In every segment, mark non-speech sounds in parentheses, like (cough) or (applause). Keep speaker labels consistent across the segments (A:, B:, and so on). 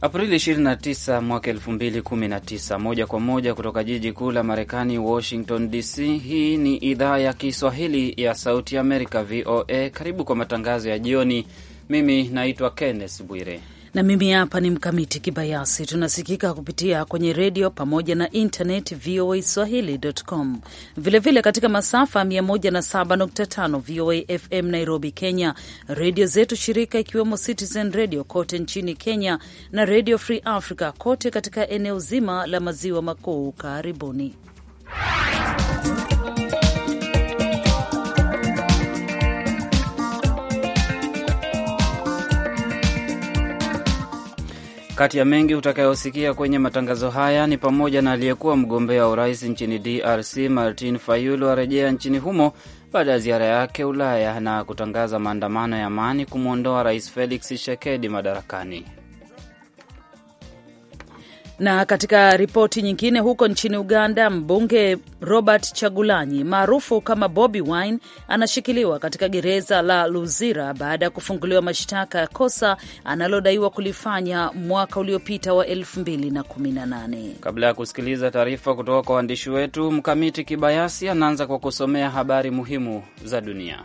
A: Aprili 29 mwaka 2019, moja kwa moja kutoka jiji kuu la Marekani, Washington DC. Hii ni idhaa ya Kiswahili ya Sauti Amerika, VOA. Karibu kwa matangazo ya jioni. Mimi naitwa Kenneth Bwire
B: na mimi hapa ni Mkamiti Kibayasi. Tunasikika kupitia kwenye redio pamoja na internet voa swahili.com, vilevile katika masafa 107.5 VOA FM Nairobi, Kenya, redio zetu shirika ikiwemo Citizen Radio kote nchini Kenya na Redio Free Africa kote katika eneo zima la maziwa makuu. Karibuni.
A: Kati ya mengi utakayosikia kwenye matangazo haya ni pamoja na aliyekuwa mgombea wa urais nchini DRC Martin Fayulu arejea nchini humo baada ya ziara yake Ulaya na kutangaza maandamano ya amani kumwondoa rais Felix Tshisekedi madarakani.
B: Na katika ripoti nyingine, huko nchini Uganda, mbunge Robert Chagulanyi maarufu kama Bobi Wine anashikiliwa katika gereza la Luzira baada ya kufunguliwa mashtaka ya kosa analodaiwa kulifanya mwaka uliopita wa 2018.
A: Kabla ya kusikiliza taarifa kutoka kwa waandishi wetu, Mkamiti Kibayasi anaanza kwa kusomea habari muhimu za dunia.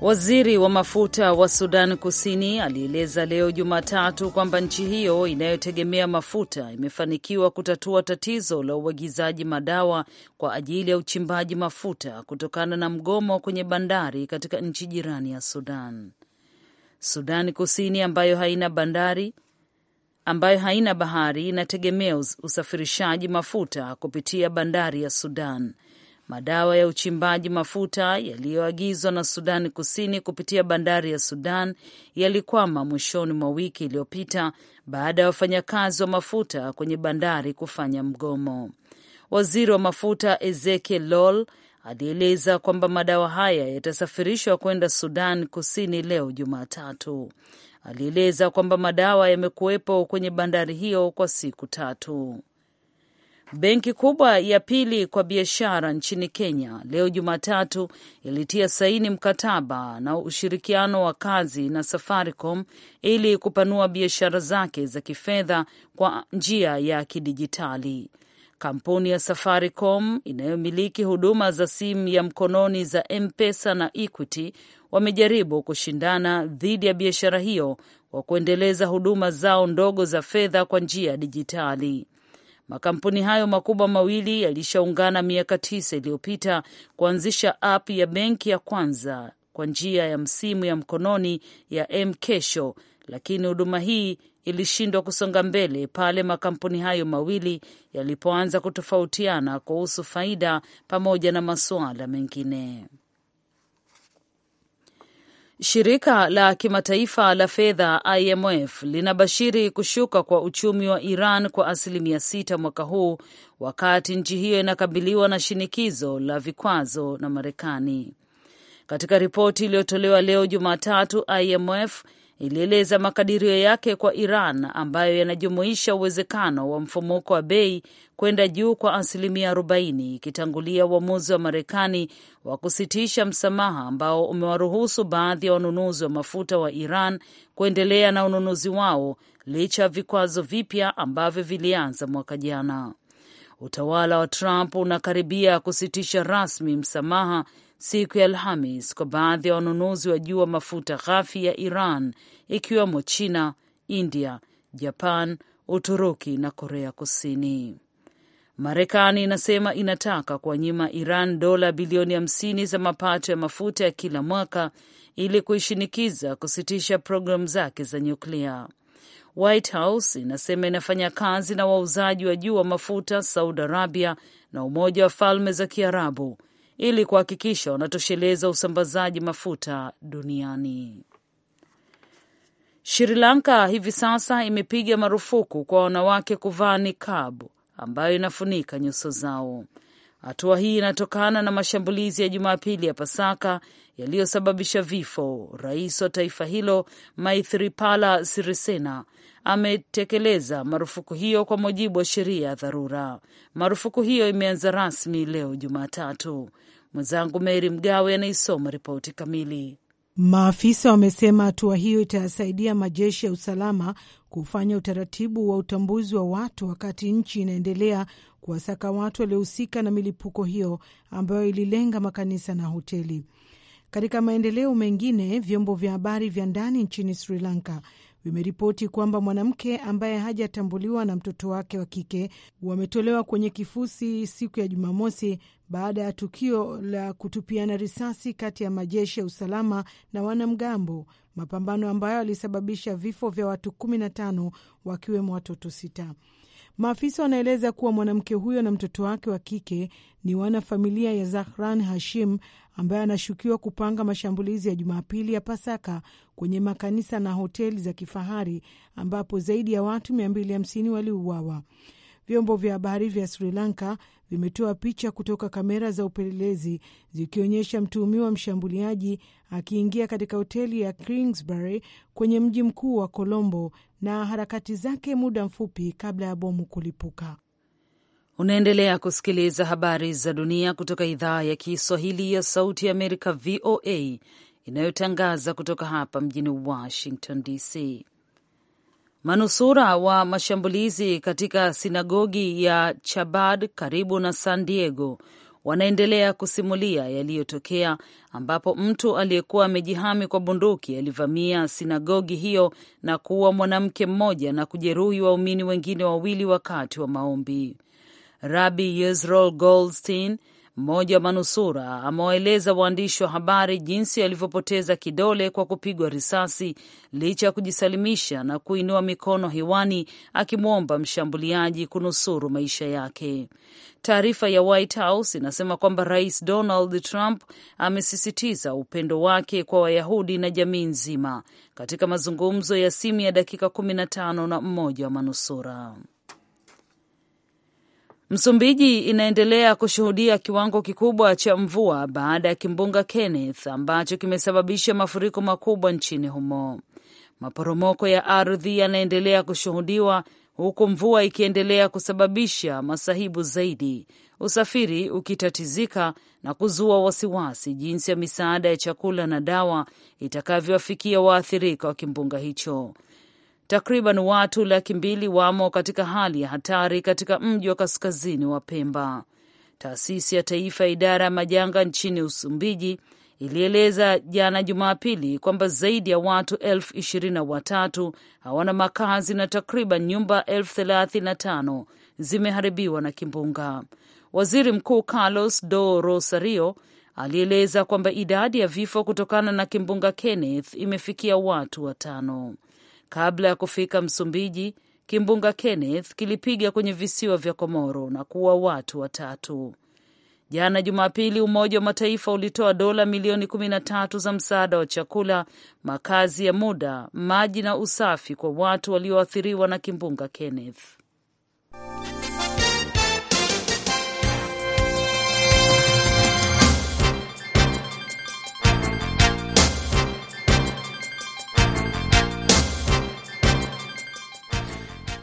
B: Waziri wa mafuta wa Sudan Kusini alieleza leo Jumatatu kwamba nchi hiyo inayotegemea mafuta imefanikiwa kutatua tatizo la uagizaji madawa kwa ajili ya uchimbaji mafuta kutokana na mgomo kwenye bandari katika nchi jirani ya Sudan. Sudan Kusini ambayo haina bandari ambayo haina bahari inategemea usafirishaji mafuta kupitia bandari ya Sudan madawa ya uchimbaji mafuta yaliyoagizwa na Sudani Kusini kupitia bandari ya Sudan yalikwama mwishoni mwa wiki iliyopita baada ya wafanyakazi wa mafuta kwenye bandari kufanya mgomo. Waziri wa mafuta Ezekiel Lol alieleza kwamba madawa haya yatasafirishwa kwenda Sudan Kusini leo Jumatatu. Alieleza kwamba madawa yamekuwepo kwenye bandari hiyo kwa siku tatu. Benki kubwa ya pili kwa biashara nchini Kenya leo Jumatatu ilitia saini mkataba na ushirikiano wa kazi na Safaricom ili kupanua biashara zake za kifedha kwa njia ya kidijitali. Kampuni ya Safaricom inayomiliki huduma za simu ya mkononi za M-Pesa na Equity wamejaribu kushindana dhidi ya biashara hiyo kwa kuendeleza huduma zao ndogo za fedha kwa njia ya dijitali. Makampuni hayo makubwa mawili yalishaungana miaka tisa iliyopita kuanzisha app ya benki ya kwanza kwa njia ya msimu ya mkononi ya M-Kesho, lakini huduma hii ilishindwa kusonga mbele pale makampuni hayo mawili yalipoanza kutofautiana kuhusu faida pamoja na masuala mengine. Shirika la kimataifa la fedha IMF linabashiri kushuka kwa uchumi wa Iran kwa asilimia sita mwaka huu, wakati nchi hiyo inakabiliwa na shinikizo la vikwazo na Marekani. Katika ripoti iliyotolewa leo Jumatatu, IMF ilieleza makadirio yake kwa Iran ambayo yanajumuisha uwezekano wa mfumuko wa bei kwenda juu kwa asilimia 40 ikitangulia uamuzi wa Marekani wa kusitisha msamaha ambao umewaruhusu baadhi ya wanunuzi wa mafuta wa Iran kuendelea na ununuzi wao licha ya vikwazo vipya ambavyo vilianza mwaka jana. Utawala wa Trump unakaribia kusitisha rasmi msamaha siku ya Alhamis kwa baadhi ya wanunuzi wa juu wa mafuta ghafi ya Iran ikiwemo China, India, Japan, Uturuki na Korea Kusini. Marekani inasema inataka kuwanyima Iran dola bilioni hamsini za mapato ya mafuta ya kila mwaka ili kuishinikiza kusitisha programu zake za nyuklia. White House inasema inafanya kazi na wauzaji wa juu wa mafuta Saudi Arabia na Umoja wa Falme za Kiarabu ili kuhakikisha wanatosheleza usambazaji mafuta duniani. Sri Lanka hivi sasa imepiga marufuku kwa wanawake kuvaa nikab ambayo inafunika nyuso zao. Hatua hii inatokana na mashambulizi ya Jumapili ya Pasaka yaliyosababisha vifo. Rais wa taifa hilo Maithripala Sirisena ametekeleza marufuku hiyo kwa mujibu wa sheria ya dharura. Marufuku hiyo imeanza rasmi leo Jumatatu. Mwenzangu Meri Mgawe anaisoma ripoti kamili.
C: Maafisa wamesema hatua hiyo itayasaidia majeshi ya usalama kufanya utaratibu wa utambuzi wa watu wakati nchi inaendelea kuwasaka watu waliohusika na milipuko hiyo ambayo ililenga makanisa na hoteli. Katika maendeleo mengine, vyombo vya habari vya ndani nchini Sri Lanka vimeripoti kwamba mwanamke ambaye hajatambuliwa na mtoto wake wa kike wametolewa kwenye kifusi siku ya Jumamosi baada ya tukio la kutupiana risasi kati ya majeshi ya usalama na wanamgambo, mapambano ambayo yalisababisha vifo vya watu 15 wakiwemo watoto sita. Maafisa wanaeleza kuwa mwanamke huyo na mtoto wake wa kike ni wanafamilia ya Zahran Hashim ambaye anashukiwa kupanga mashambulizi ya Jumapili ya Pasaka kwenye makanisa na hoteli za kifahari ambapo zaidi ya watu 250 waliuawa. Vyombo vya habari vya Sri Lanka vimetoa picha kutoka kamera za upelelezi zikionyesha mtuhumiwa mshambuliaji akiingia katika hoteli ya Kingsbury kwenye mji mkuu wa Colombo na harakati zake muda mfupi kabla ya bomu kulipuka.
B: Unaendelea kusikiliza habari za dunia kutoka idhaa ya Kiswahili ya Sauti ya Amerika, VOA, inayotangaza kutoka hapa mjini Washington DC. Manusura wa mashambulizi katika sinagogi ya Chabad karibu na San Diego wanaendelea kusimulia yaliyotokea, ambapo mtu aliyekuwa amejihami kwa bunduki alivamia sinagogi hiyo na kuua mwanamke mmoja na kujeruhi waumini wengine wawili wakati wa maombi. Rabi Yezrol Goldstein mmoja wa manusura amewaeleza waandishi wa habari jinsi alivyopoteza kidole kwa kupigwa risasi licha ya kujisalimisha na kuinua mikono hewani akimwomba mshambuliaji kunusuru maisha yake. Taarifa ya White House inasema kwamba Rais Donald Trump amesisitiza upendo wake kwa Wayahudi na jamii nzima katika mazungumzo ya simu ya dakika kumi na tano na mmoja wa manusura. Msumbiji inaendelea kushuhudia kiwango kikubwa cha mvua baada ya kimbunga Kenneth ambacho kimesababisha mafuriko makubwa nchini humo. Maporomoko ya ardhi yanaendelea kushuhudiwa huku mvua ikiendelea kusababisha masahibu zaidi, usafiri ukitatizika na kuzua wasiwasi jinsi ya misaada ya chakula na dawa itakavyowafikia waathirika wa kimbunga hicho. Takriban watu laki mbili wamo katika hali ya hatari katika mji wa kaskazini wa Pemba. Taasisi ya Taifa ya Idara ya Majanga nchini Usumbiji ilieleza jana Jumapili kwamba zaidi ya watu elfu ishirini na watatu hawana makazi na takriban nyumba elfu thelathini na tano zimeharibiwa na kimbunga. Waziri Mkuu Carlos do Rosario alieleza kwamba idadi ya vifo kutokana na kimbunga Kenneth imefikia watu watano. Kabla ya kufika Msumbiji, kimbunga Kenneth kilipiga kwenye visiwa vya Komoro na kuua watu watatu. Jana Jumapili, Umoja wa Mataifa ulitoa dola milioni kumi na tatu za msaada wa chakula, makazi ya muda, maji na usafi kwa watu walioathiriwa na kimbunga Kenneth.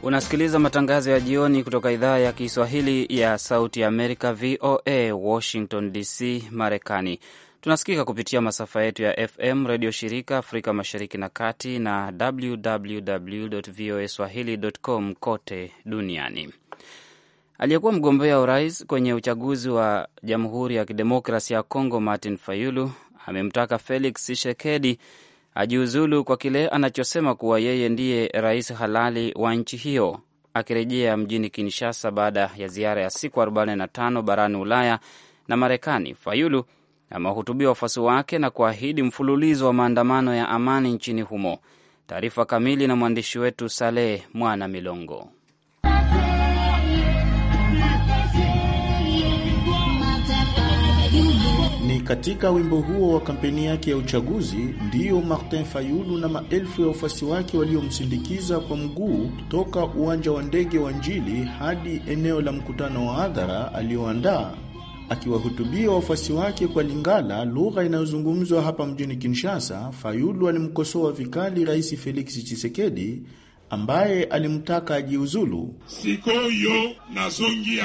A: Unasikiliza matangazo ya jioni kutoka idhaa ya Kiswahili ya Sauti ya Amerika, VOA Washington DC, Marekani. Tunasikika kupitia masafa yetu ya FM redio shirika Afrika Mashariki na Kati na www voa swahili.com kote duniani. Aliyekuwa mgombea urais kwenye uchaguzi wa Jamhuri ya Kidemokrasi ya congo Martin Fayulu amemtaka Felix Tshisekedi ajiuzulu kwa kile anachosema kuwa yeye ndiye rais halali wa nchi hiyo. Akirejea mjini Kinshasa baada ya ziara ya siku 45 barani Ulaya na Marekani, Fayulu amewahutubia wafuasi wake na kuahidi mfululizo wa maandamano ya amani nchini humo. Taarifa kamili na mwandishi wetu Saleh Mwana Milongo. Katika wimbo huo
D: wa kampeni yake ya uchaguzi, ndiyo Martin Fayulu na maelfu ya wafuasi wake waliomsindikiza kwa mguu toka uwanja wa ndege wa Njili hadi eneo la mkutano wa hadhara alioandaa. Akiwahutubia wafuasi wake kwa Lingala, lugha inayozungumzwa hapa mjini Kinshasa, Fayulu alimkosoa vikali Rais Felix Tshisekedi ambaye alimtaka ajiuzulu. sikoyo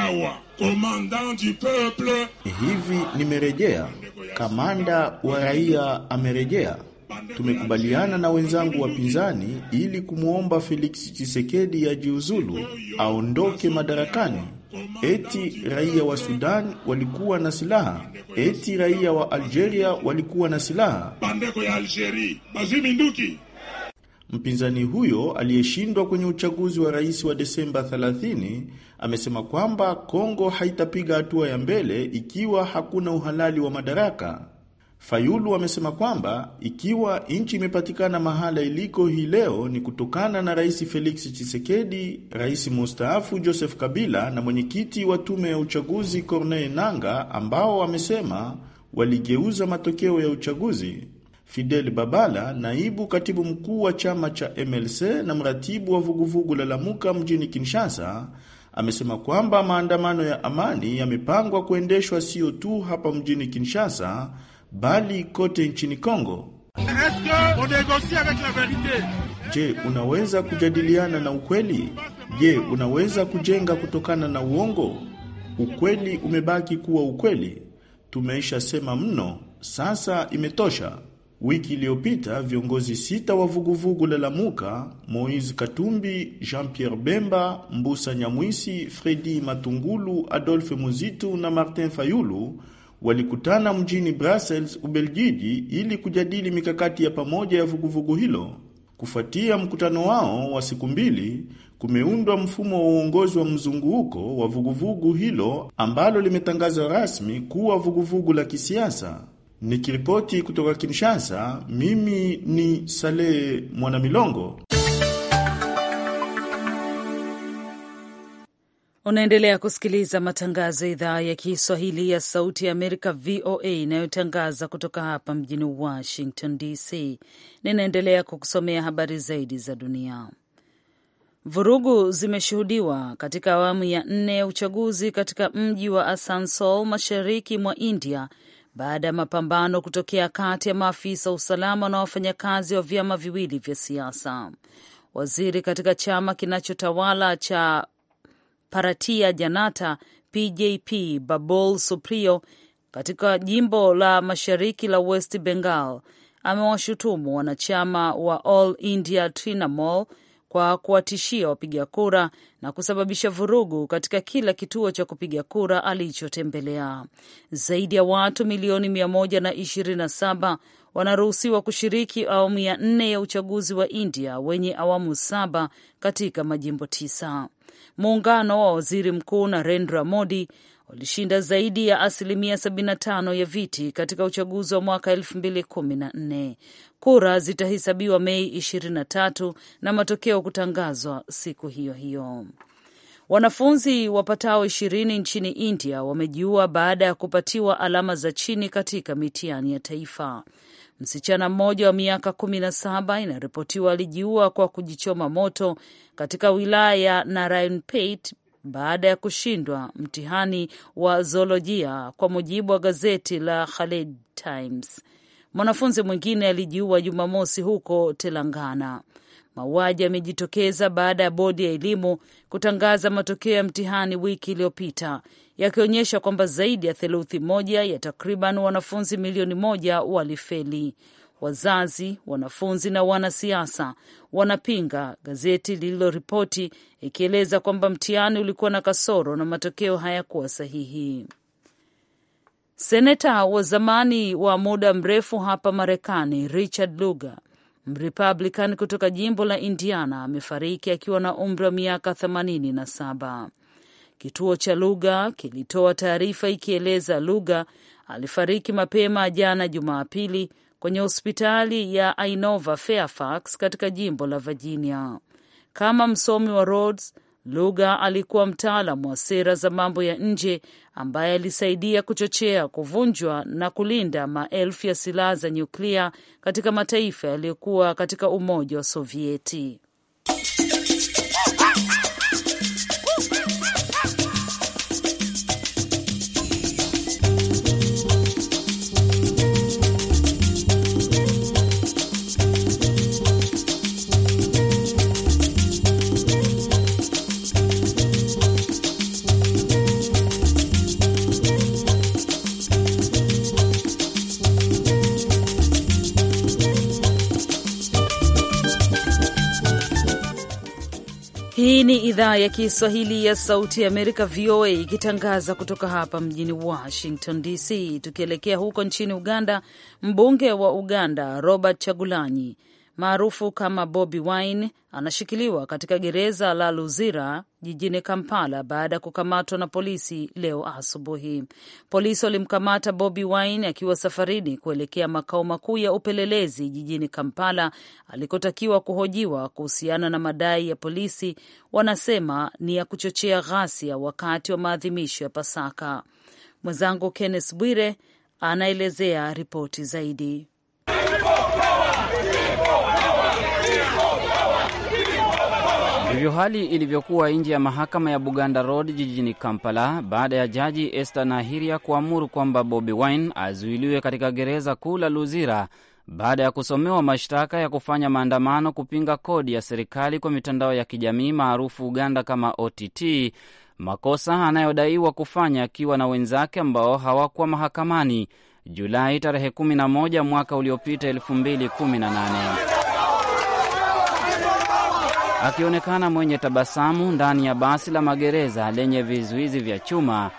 D: awa komanda du peuple, hivi nimerejea, kamanda wa raia amerejea. Tumekubaliana na wenzangu wapinzani ili kumwomba Felix chisekedi ajiuzulu, aondoke madarakani. Eti raia wa Sudan walikuwa na silaha, eti raia wa Algeria walikuwa na silaha. bandeko ya Algeria Mpinzani huyo aliyeshindwa kwenye uchaguzi wa rais wa Desemba 30 amesema kwamba Kongo haitapiga hatua ya mbele ikiwa hakuna uhalali wa madaraka. Fayulu amesema kwamba ikiwa nchi imepatikana mahala iliko hii leo ni kutokana na Rais Felix Tshisekedi, Rais mustaafu Joseph Kabila na mwenyekiti wa tume ya uchaguzi Corneille nanga ambao amesema waligeuza matokeo ya uchaguzi. Fidel Babala, naibu katibu mkuu wa chama cha MLC na mratibu wa vuguvugu la Lamuka mjini Kinshasa, amesema kwamba maandamano ya amani yamepangwa kuendeshwa sio tu hapa mjini Kinshasa bali kote nchini Kongo. Je, unaweza kujadiliana na ukweli? Je, unaweza kujenga kutokana na uongo? Ukweli umebaki kuwa ukweli. Tumeisha sema mno, sasa imetosha. Wiki iliyopita viongozi sita wa vuguvugu la Lamuka, Moise Katumbi, Jean-Pierre Bemba, Mbusa Nyamwisi, Fredi Matungulu, Adolphe Muzitu na Martin Fayulu walikutana mjini Brussels, Ubelgiji ili kujadili mikakati ya pamoja ya vuguvugu hilo. Kufuatia mkutano wao wa siku mbili, kumeundwa mfumo wa uongozi wa mzunguko wa vuguvugu hilo ambalo limetangazwa rasmi kuwa vuguvugu la kisiasa. Nikiripoti kutoka Kinshasa, mimi ni Sale Mwanamilongo.
B: Unaendelea kusikiliza matangazo ya idhaa ya Kiswahili ya Sauti ya Amerika, VOA, inayotangaza kutoka hapa mjini Washington DC. Ninaendelea kukusomea habari zaidi za dunia. Vurugu zimeshuhudiwa katika awamu ya nne ya uchaguzi katika mji wa Asansol, mashariki mwa India, baada ya mapambano kutokea kati ya maafisa wa usalama na wafanyakazi wa vyama viwili vya siasa. Waziri katika chama kinachotawala cha Paratia Janata PJP Babol Suprio katika jimbo la mashariki la West Bengal amewashutumu wanachama wa All India Trinamool kwa kuwatishia wapiga kura na kusababisha vurugu katika kila kituo cha kupiga kura alichotembelea. Zaidi ya watu milioni 127 wanaruhusiwa kushiriki awamu ya nne ya uchaguzi wa India wenye awamu saba katika majimbo tisa. Muungano wa waziri mkuu Narendra Modi ulishinda zaidi ya asilimia 75 ya viti katika uchaguzi wa mwaka 2014. Kura zitahesabiwa Mei 23 na matokeo kutangazwa siku hiyo hiyo. Wanafunzi wapatao ishirini nchini India wamejiua baada ya kupatiwa alama za chini katika mitihani ya taifa. Msichana mmoja wa miaka kumi na saba inaripotiwa alijiua kwa kujichoma moto katika wilaya ya Narayanpet baada ya kushindwa mtihani wa zoolojia, kwa mujibu wa gazeti la Khaled Times. Mwanafunzi mwingine alijiua Jumamosi huko Telangana. Mauaji yamejitokeza baada ya bodi ya elimu kutangaza matokeo ya mtihani wiki iliyopita yakionyesha kwamba zaidi ya theluthi moja ya takriban wanafunzi milioni moja walifeli. Wazazi, wanafunzi na wanasiasa wanapinga, gazeti lililoripoti ikieleza kwamba mtihani ulikuwa na kasoro na matokeo hayakuwa sahihi. Seneta wa zamani wa muda mrefu hapa Marekani Richard Lugar Mrepublican kutoka jimbo la Indiana amefariki akiwa na umri wa miaka themanini na saba. Kituo cha lugha kilitoa taarifa ikieleza lugha alifariki mapema jana Jumapili kwenye hospitali ya Inova Fairfax katika jimbo la Virginia. Kama msomi wa Rhodes Lugha alikuwa mtaalamu wa sera za mambo ya nje ambaye alisaidia kuchochea kuvunjwa na kulinda maelfu ya silaha za nyuklia katika mataifa yaliyokuwa katika Umoja wa Sovieti. Hii ni idhaa ya Kiswahili ya Sauti ya Amerika, VOA, ikitangaza kutoka hapa mjini Washington DC. Tukielekea huko nchini Uganda, mbunge wa Uganda Robert Chagulanyi maarufu kama Bobi Wine anashikiliwa katika gereza la Luzira jijini Kampala baada ya kukamatwa na polisi leo asubuhi. Polisi walimkamata Bobi Wine akiwa safarini kuelekea makao makuu ya upelelezi jijini Kampala alikotakiwa kuhojiwa kuhusiana na madai ya polisi wanasema ni ya kuchochea ghasia wakati wa maadhimisho ya Pasaka. Mwenzangu Kenneth Bwire anaelezea ripoti zaidi.
A: Ndivyo hali ilivyokuwa nje ya mahakama ya Buganda Road jijini Kampala baada ya jaji Esther Nahiria kuamuru kwamba Bobi Wine azuiliwe katika gereza kuu la Luzira baada ya kusomewa mashtaka ya kufanya maandamano kupinga kodi ya serikali kwa mitandao ya kijamii maarufu Uganda kama OTT, makosa anayodaiwa kufanya akiwa na wenzake ambao hawakuwa mahakamani Julai tarehe 11 mwaka uliopita 2018. Akionekana mwenye tabasamu ndani ya basi la magereza lenye vizuizi vya chuma,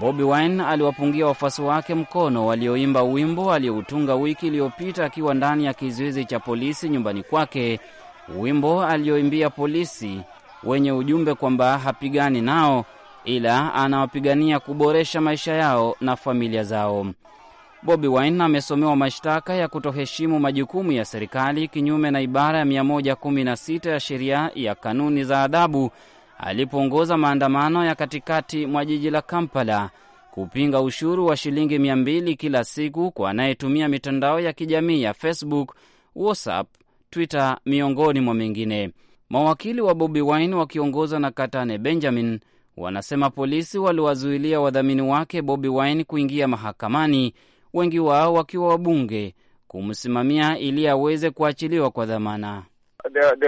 A: Bobi Wine aliwapungia wafuasi wake mkono walioimba wimbo aliyoutunga wiki iliyopita akiwa ndani ya kizuizi cha polisi nyumbani kwake, wimbo alioimbia polisi wenye ujumbe kwamba hapigani nao ila anawapigania kuboresha maisha yao na familia zao. Bobi Wine amesomewa mashtaka ya kutoheshimu majukumu ya serikali kinyume na ibara ya 116 ya sheria ya kanuni za adabu alipoongoza maandamano ya katikati mwa jiji la Kampala kupinga ushuru wa shilingi 200 kila siku kwa anayetumia mitandao ya kijamii ya Facebook, WhatsApp, Twitter miongoni mwa mengine. Mawakili wa Bobi Wine wakiongozwa na Katane Benjamin wanasema polisi waliwazuilia wadhamini wake Bobi Wine kuingia mahakamani wengi wao wakiwa wabunge, kumsimamia ili aweze kuachiliwa kwa dhamana.
D: Uh,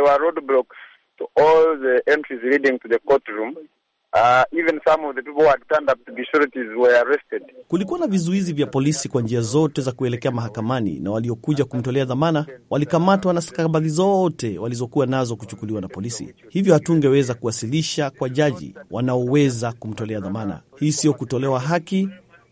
E: Kulikuwa na vizuizi vya polisi kwa njia zote za kuelekea mahakamani na waliokuja kumtolea dhamana walikamatwa na stakabadhi zote walizokuwa nazo kuchukuliwa na polisi. Hivyo hatungeweza kuwasilisha kwa jaji wanaoweza kumtolea dhamana. Hii sio kutolewa haki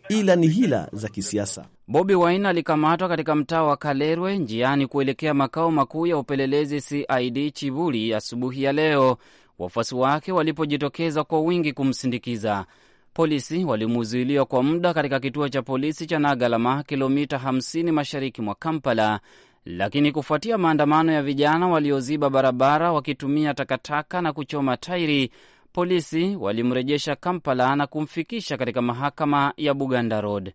E: ila ni hila za kisiasa.
A: Bobi Wine alikamatwa katika mtaa wa Kalerwe njiani kuelekea makao makuu ya upelelezi CID Chibuli asubuhi ya leo, wafuasi wake walipojitokeza kwa wingi kumsindikiza. Polisi walimuzuiliwa kwa muda katika kituo cha polisi cha Nagalama, kilomita 50 mashariki mwa Kampala, lakini kufuatia maandamano ya vijana walioziba barabara wakitumia takataka na kuchoma tairi polisi walimrejesha Kampala na kumfikisha katika mahakama ya Buganda Road.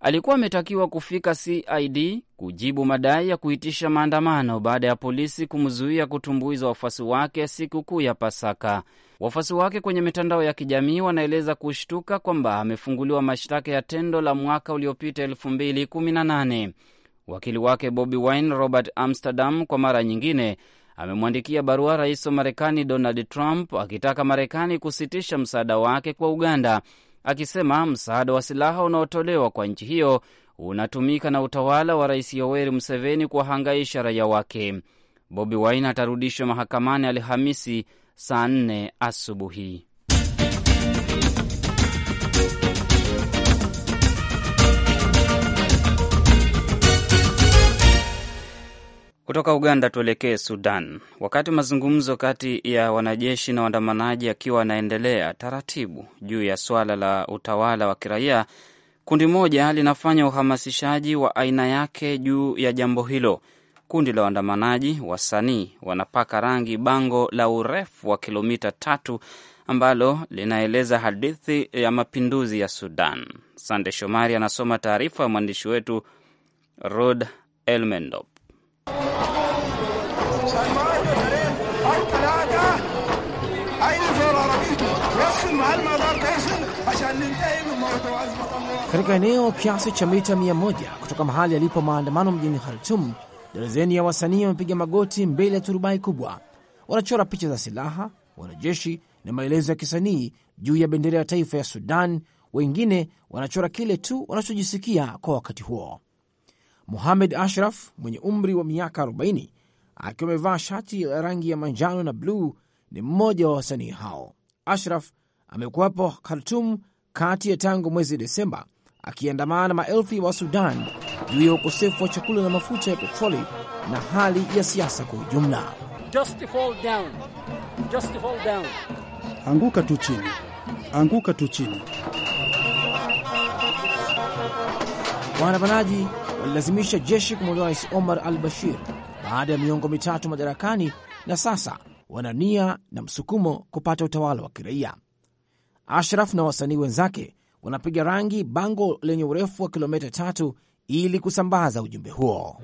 A: Alikuwa ametakiwa kufika CID kujibu madai ya kuitisha maandamano baada ya polisi kumzuia kutumbuiza wafuasi wake sikukuu ya Pasaka. Wafuasi wake kwenye mitandao ya kijamii wanaeleza kushtuka kwamba amefunguliwa mashtaka ya tendo la mwaka uliopita 2018. Wakili wake Bobi Wine Robert Amsterdam kwa mara nyingine amemwandikia barua rais wa Marekani Donald Trump akitaka Marekani kusitisha msaada wake kwa Uganda, akisema msaada wa silaha unaotolewa kwa nchi hiyo unatumika na utawala wa Rais Yoweri Museveni kuwahangaisha raia wake. Bobi Wine atarudishwa mahakamani Alhamisi saa nne asubuhi. Kutoka Uganda tuelekee Sudan. Wakati mazungumzo kati ya wanajeshi na waandamanaji akiwa yanaendelea taratibu juu ya swala la utawala wa kiraia, kundi moja linafanya uhamasishaji wa aina yake juu ya jambo hilo. Kundi la waandamanaji wasanii wanapaka rangi bango la urefu wa kilomita tatu ambalo linaeleza hadithi ya mapinduzi ya Sudan. Sande Shomari anasoma taarifa ya mwandishi wetu Rod Elmendop.
F: Katika eneo kiasi cha mita 1 kutoka mahali yalipo maandamano mjini Khartum, darazeni ya wasanii wamepiga magoti mbele ya turubai kubwa, wanachora picha za silaha, wanajeshi na maelezo ya kisanii juu ya bendera ya taifa ya Sudan. Wengine wanachora kile tu wanachojisikia kwa wakati huo. Muhamed Ashraf mwenye umri wa miaka 40 akiwa amevaa shati la rangi ya manjano na bluu ni mmoja wa wasanii hao. Ashraf amekuwapo Khartum kati ya tangu mwezi Desemba akiandamana na maelfu ya Wasudan juu ya ukosefu wa chakula na mafuta ya petroli na hali ya siasa kwa ujumla. Anguka tu chini, anguka tu chini. Waandamanaji walilazimisha jeshi kumwondoa rais Omar al Bashir baada ya miongo mitatu madarakani, na sasa wana nia na msukumo kupata utawala wa kiraia. Ashraf na wasanii wenzake wanapiga rangi bango lenye urefu wa kilomita tatu ili kusambaza ujumbe
C: huo.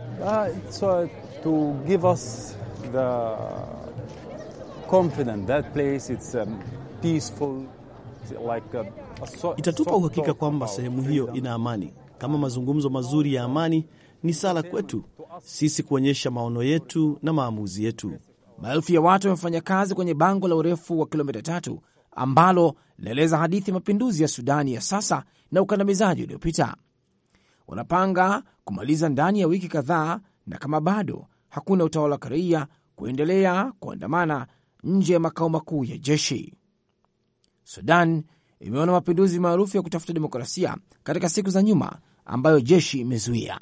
G: Itatupa uhakika kwamba sehemu hiyo
E: ina amani kama mazungumzo mazuri ya amani, ni sala kwetu sisi kuonyesha maono yetu na maamuzi yetu. Maelfu ya watu wamefanya
F: kazi kwenye bango la urefu wa kilomita tatu ambalo linaeleza hadithi ya mapinduzi ya Sudani ya sasa na ukandamizaji uliopita. Wanapanga kumaliza ndani ya wiki kadhaa, na kama bado hakuna utawala wa kiraia, kuendelea kuandamana nje ya makao makuu ya jeshi. Sudan imeona mapinduzi maarufu ya kutafuta demokrasia katika siku za nyuma ambayo jeshi imezuia.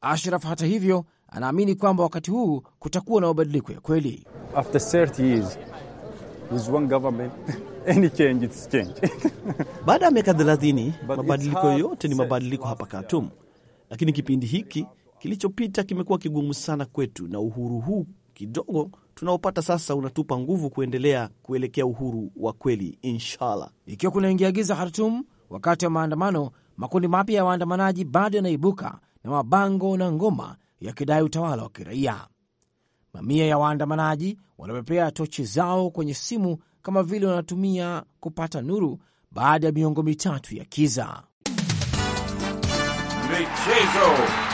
F: Ashraf hata hivyo anaamini kwamba wakati huu kutakuwa na mabadiliko ya kweli. (laughs)
D: (laughs)
E: Baada ya miaka 30 mabadiliko yote ni mabadiliko hapa Khartoum, lakini kipindi hiki kilichopita kimekuwa kigumu sana kwetu, na uhuru huu kidogo tunaopata sasa unatupa nguvu kuendelea kuelekea uhuru wa kweli inshallah. Ikiwa kunaingia giza
F: Hartum wakati wa maandamano, makundi mapya ya waandamanaji bado yanaibuka na mabango na ngoma yakidai utawala wa kiraia. Mamia ya waandamanaji wanapepea tochi zao kwenye simu kama vile wanatumia kupata nuru baada ya miongo mitatu ya kiza.
H: Michezo.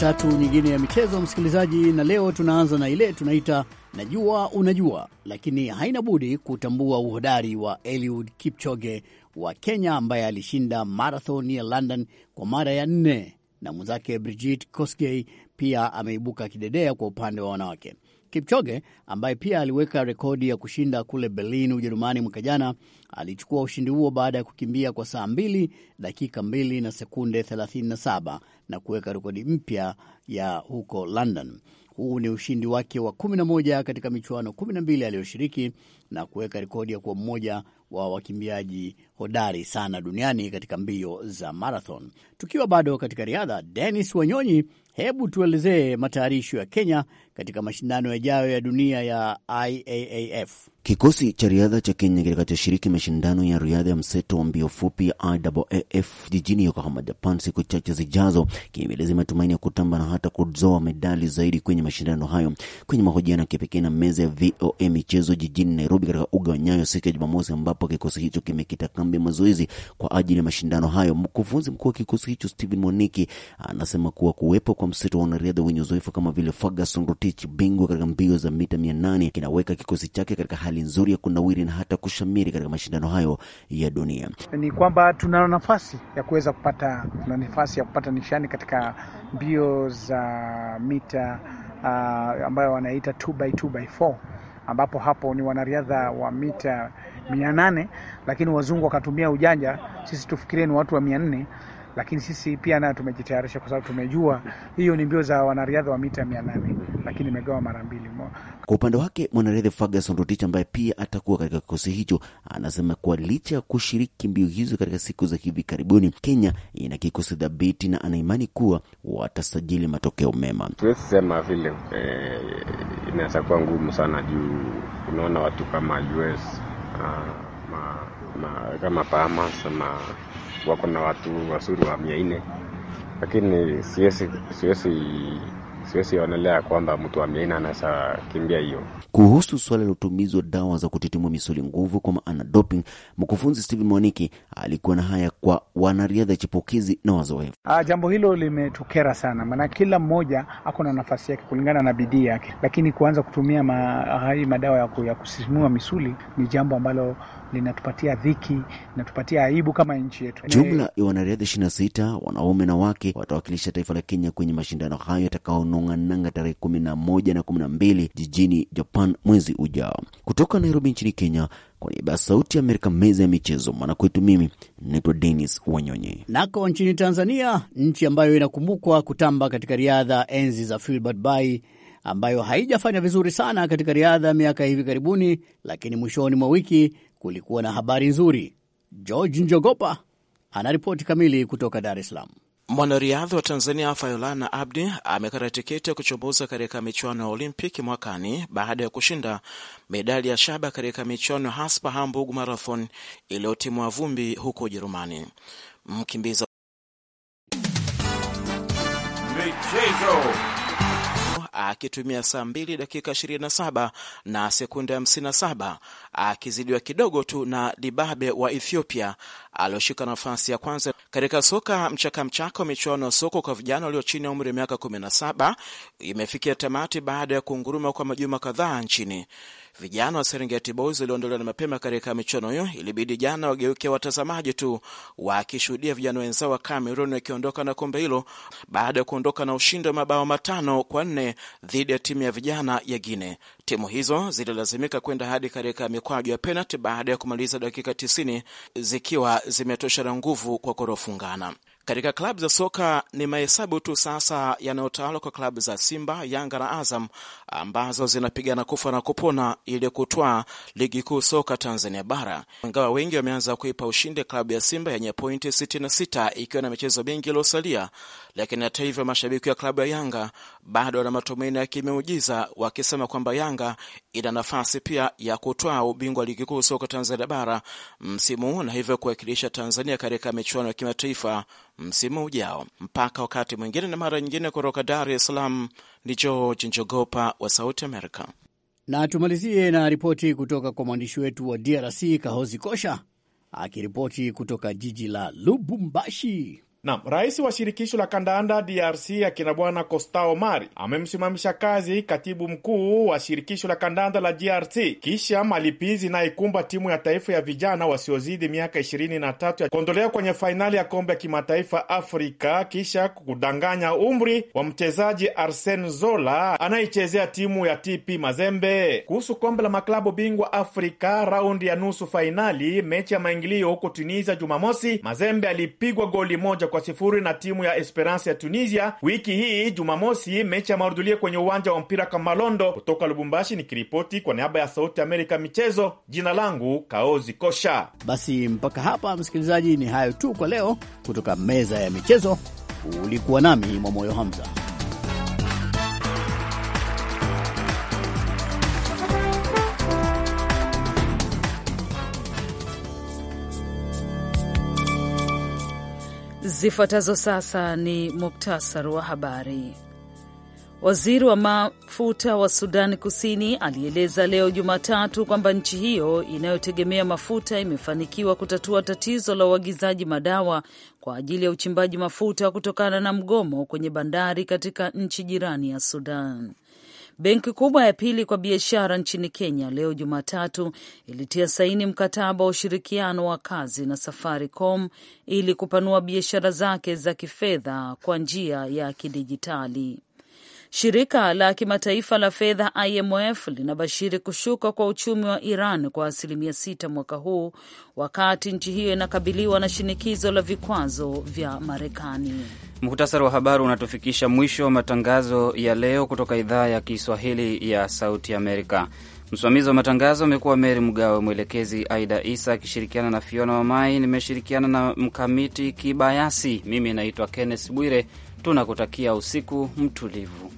H: tatu nyingine ya michezo, msikilizaji, na leo tunaanza na ile tunaita najua unajua, lakini haina budi kutambua uhodari wa Eliud Kipchoge wa Kenya ambaye alishinda marathon ya London kwa mara ya nne, na mwenzake brigit Kosgei pia ameibuka kidedea kwa upande wa wanawake. Kipchoge ambaye pia aliweka rekodi ya kushinda kule Berlin, Ujerumani mwaka jana, alichukua ushindi huo baada ya kukimbia kwa saa 2 dakika 2 na sekunde 37 na kuweka rekodi mpya ya huko London. Huu ni ushindi wake wa 11 katika michuano 12 aliyoshiriki na kuweka rekodi ya kuwa mmoja wa wakimbiaji hodari sana duniani katika mbio za marathon. Tukiwa bado katika riadha, denis Wanyonyi, hebu tuelezee matayarisho ya Kenya katika mashindano yajayo ya dunia ya IAAF.
G: Kikosi cha riadha cha Kenya kitakachoshiriki mashindano ya riadha ya mseto wa mbio fupi ya IAAF jijini Yokohama, Japan, siku chache zijazo, kimeeleza matumaini ya kutamba na hata kuzoa medali zaidi kwenye mashindano hayo. Kwenye mahojiano ya kipekee na meza ya VOA michezo jijini Nairobi, katika uga wa Nyayo siku ya Jumamosi, ambapo kikosi hicho kimekita kambi mazoezi kwa ajili ya mashindano hayo, mkufunzi mkuu wa kikosi hicho Stephen Moniki anasema kuwa kuwepo kwa mseto wa wanariadha wenye uzoefu kama vile Ferguson Titich, bingwa katika mbio za mita 800, kinaweka kikosi chake katika hali nzuri ya kunawiri na hata kushamiri katika mashindano hayo ya dunia.
C: Ni
E: kwamba tuna nafasi ya kuweza kupata na nafasi ya kupata nishani katika mbio za mita uh, ambayo wanaita 2 by 2 by 4 ambapo hapo ni wanariadha wa mita mia nane, lakini wazungu wakatumia ujanja, sisi tufikirie ni watu wa mia nne lakini sisi pia nayo tumejitayarisha kwa sababu tumejua hiyo ni mbio za wanariadha wa mita mia nane lakini imegawa mara mbili.
G: Kwa upande wake mwanariadha Ferguson Rotich ambaye pia atakuwa katika kikosi hicho anasema kuwa licha ya kushiriki mbio hizo katika siku za hivi karibuni, Kenya ina kikosi dhabiti na anaimani kuwa watasajili matokeo mema. Siwezi sema vile eh, inaweza kuwa ngumu sana juu unaona watu kama US, ah, ma, ma, kama Bahamas ama wako na watu wazuri wa mia nne, lakini siwezi siwezi siwezi onelea kwamba mtu ameina anaweza kimbia hiyo. Kuhusu suala la utumizi wa dawa za kutitimua misuli nguvu kwa maana doping, mkufunzi Steven Moniki alikuwa na haya kwa wanariadha chipukizi na wazoefu.
E: Ah, jambo hilo limetukera sana, maana kila mmoja ako na nafasi yake kulingana na bidii yake, lakini kuanza kutumia ma, hai madawa ya, ya kusisimua misuli ni jambo ambalo linatupatia dhiki, linatupatia aibu kama nchi yetu. Jumla
G: ya wanariadha 26 wanaume na wake watawakilisha taifa la Kenya kwenye mashindano hayo yatakaono unaong'ananga tarehe kumi na moja na kumi na mbili jijini Japan mwezi ujao. Kutoka Nairobi nchini Kenya, kwa niaba ya Sauti ya Amerika, meza ya michezo mwanakwetu, mimi naitwa Denis wanyonye
H: Nako nchini Tanzania, nchi ambayo inakumbukwa kutamba katika riadha enzi za Filbert Bayi ambayo haijafanya vizuri sana katika riadha miaka hivi karibuni, lakini mwishoni mwa wiki kulikuwa na habari nzuri. George Njogopa anaripoti kamili kutoka Dar es Salaam.
E: Mwanariadha wa Tanzania Fayolana Abdi amekata tiketi ya kuchomboza katika michuano ya Olimpiki mwakani baada ya kushinda medali ya shaba katika michuano ya Haspa Hamburg Marathon iliyotimwa vumbi huko Ujerumani. Mkimbiza michezo akitumia saa 2 dakika 27 na sekunde 57, akizidiwa kidogo tu na Dibabe wa Ethiopia alioshika nafasi ya kwanza katika soka mchaka mchaka. Michuano ya soko kwa vijana walio chini ya umri wa miaka 17 imefikia tamati baada ya kunguruma kwa majuma kadhaa nchini. Vijana wa Serengeti Boys waliondolewa na mapema katika michuano hiyo, ilibidi jana wageukia watazamaji tu, wakishuhudia vijana wenzao wa Cameroon wakiondoka na kombe hilo baada ya kuondoka na ushindi wa mabao matano kwa nne dhidi ya timu ya vijana ya Guine. Timu hizo zililazimika kwenda hadi katika mikwaju ya penalti baada ya kumaliza dakika 90 zikiwa zimetoshana nguvu kwa korofungana. Katika klabu za soka ni mahesabu tu sasa yanayotawala kwa klabu za Simba, Yanga na Azam ambazo zinapigana kufa na kupona ili kutwaa ligi kuu soka Tanzania Bara, ingawa wengi wameanza kuipa ushindi klabu ya Simba yenye pointi 66 ikiwa na michezo mingi iliyosalia. Lakini hata hivyo, mashabiki wa klabu ya Yanga bado wana matumaini ya kimeujiza wakisema kwamba Yanga ina nafasi pia ya kutoa ubingwa ligi kuu soka Tanzania bara msimu huu na hivyo kuwakilisha Tanzania katika michuano ya kimataifa msimu ujao. Mpaka wakati mwingine na mara nyingine, kutoka Dar es Salaam ni George Njogopa wa Sauti Amerika.
H: Na tumalizie na ripoti kutoka kwa mwandishi wetu wa DRC Kahozi Kosha akiripoti kutoka jiji la Lubumbashi nam rais wa shirikisho la kandanda DRC akina bwana
D: Costao Mari amemsimamisha kazi katibu mkuu wa shirikisho la kandanda la DRC kisha malipizi inayoikumba timu ya taifa ya vijana wasiozidi miaka 23 ya kuondolewa kwenye fainali ya kombe ya kimataifa Afrika kisha kudanganya umri wa mchezaji Arsen Zola anayechezea timu ya TP Mazembe. Kuhusu kombe la maklabu bingwa Afrika raundi ya nusu fainali, mechi ya maingilio huko Tunisia Jumamosi, Mazembe alipigwa goli moja kwa sifuri na timu ya Esperance ya Tunisia wiki hii Jumamosi, mechi ya kwenye uwanja wa mpira Kamalondo. Kutoka Lubumbashi nikiripoti kwa niaba ya Sauti
H: Amerika michezo, jina langu Kaozi Kosha. Basi mpaka hapa, msikilizaji, ni hayo tu kwa leo kutoka meza ya michezo. Ulikuwa nami Mwamoyo Hamza.
B: Zifuatazo sasa ni muktasar wa habari. Waziri wa mafuta wa sudani Kusini alieleza leo Jumatatu kwamba nchi hiyo inayotegemea mafuta imefanikiwa kutatua tatizo la uagizaji madawa kwa ajili ya uchimbaji mafuta kutokana na mgomo kwenye bandari katika nchi jirani ya Sudan. Benki kubwa ya pili kwa biashara nchini Kenya leo Jumatatu ilitia saini mkataba wa ushirikiano wa kazi na Safaricom ili kupanua biashara zake za kifedha kwa njia ya kidijitali. Shirika la kimataifa la fedha IMF linabashiri kushuka kwa uchumi wa Iran kwa asilimia sita mwaka huu, wakati nchi hiyo inakabiliwa na shinikizo la vikwazo vya Marekani.
A: Muhtasari wa habari unatufikisha mwisho wa matangazo ya leo kutoka idhaa ya Kiswahili ya Sauti Amerika. Msimamizi wa matangazo amekuwa Meri Mgawe, mwelekezi Aida Isa akishirikiana na Fiona Wamai. Nimeshirikiana na Mkamiti Kibayasi. Mimi naitwa Kenneth Bwire. Tunakutakia usiku mtulivu.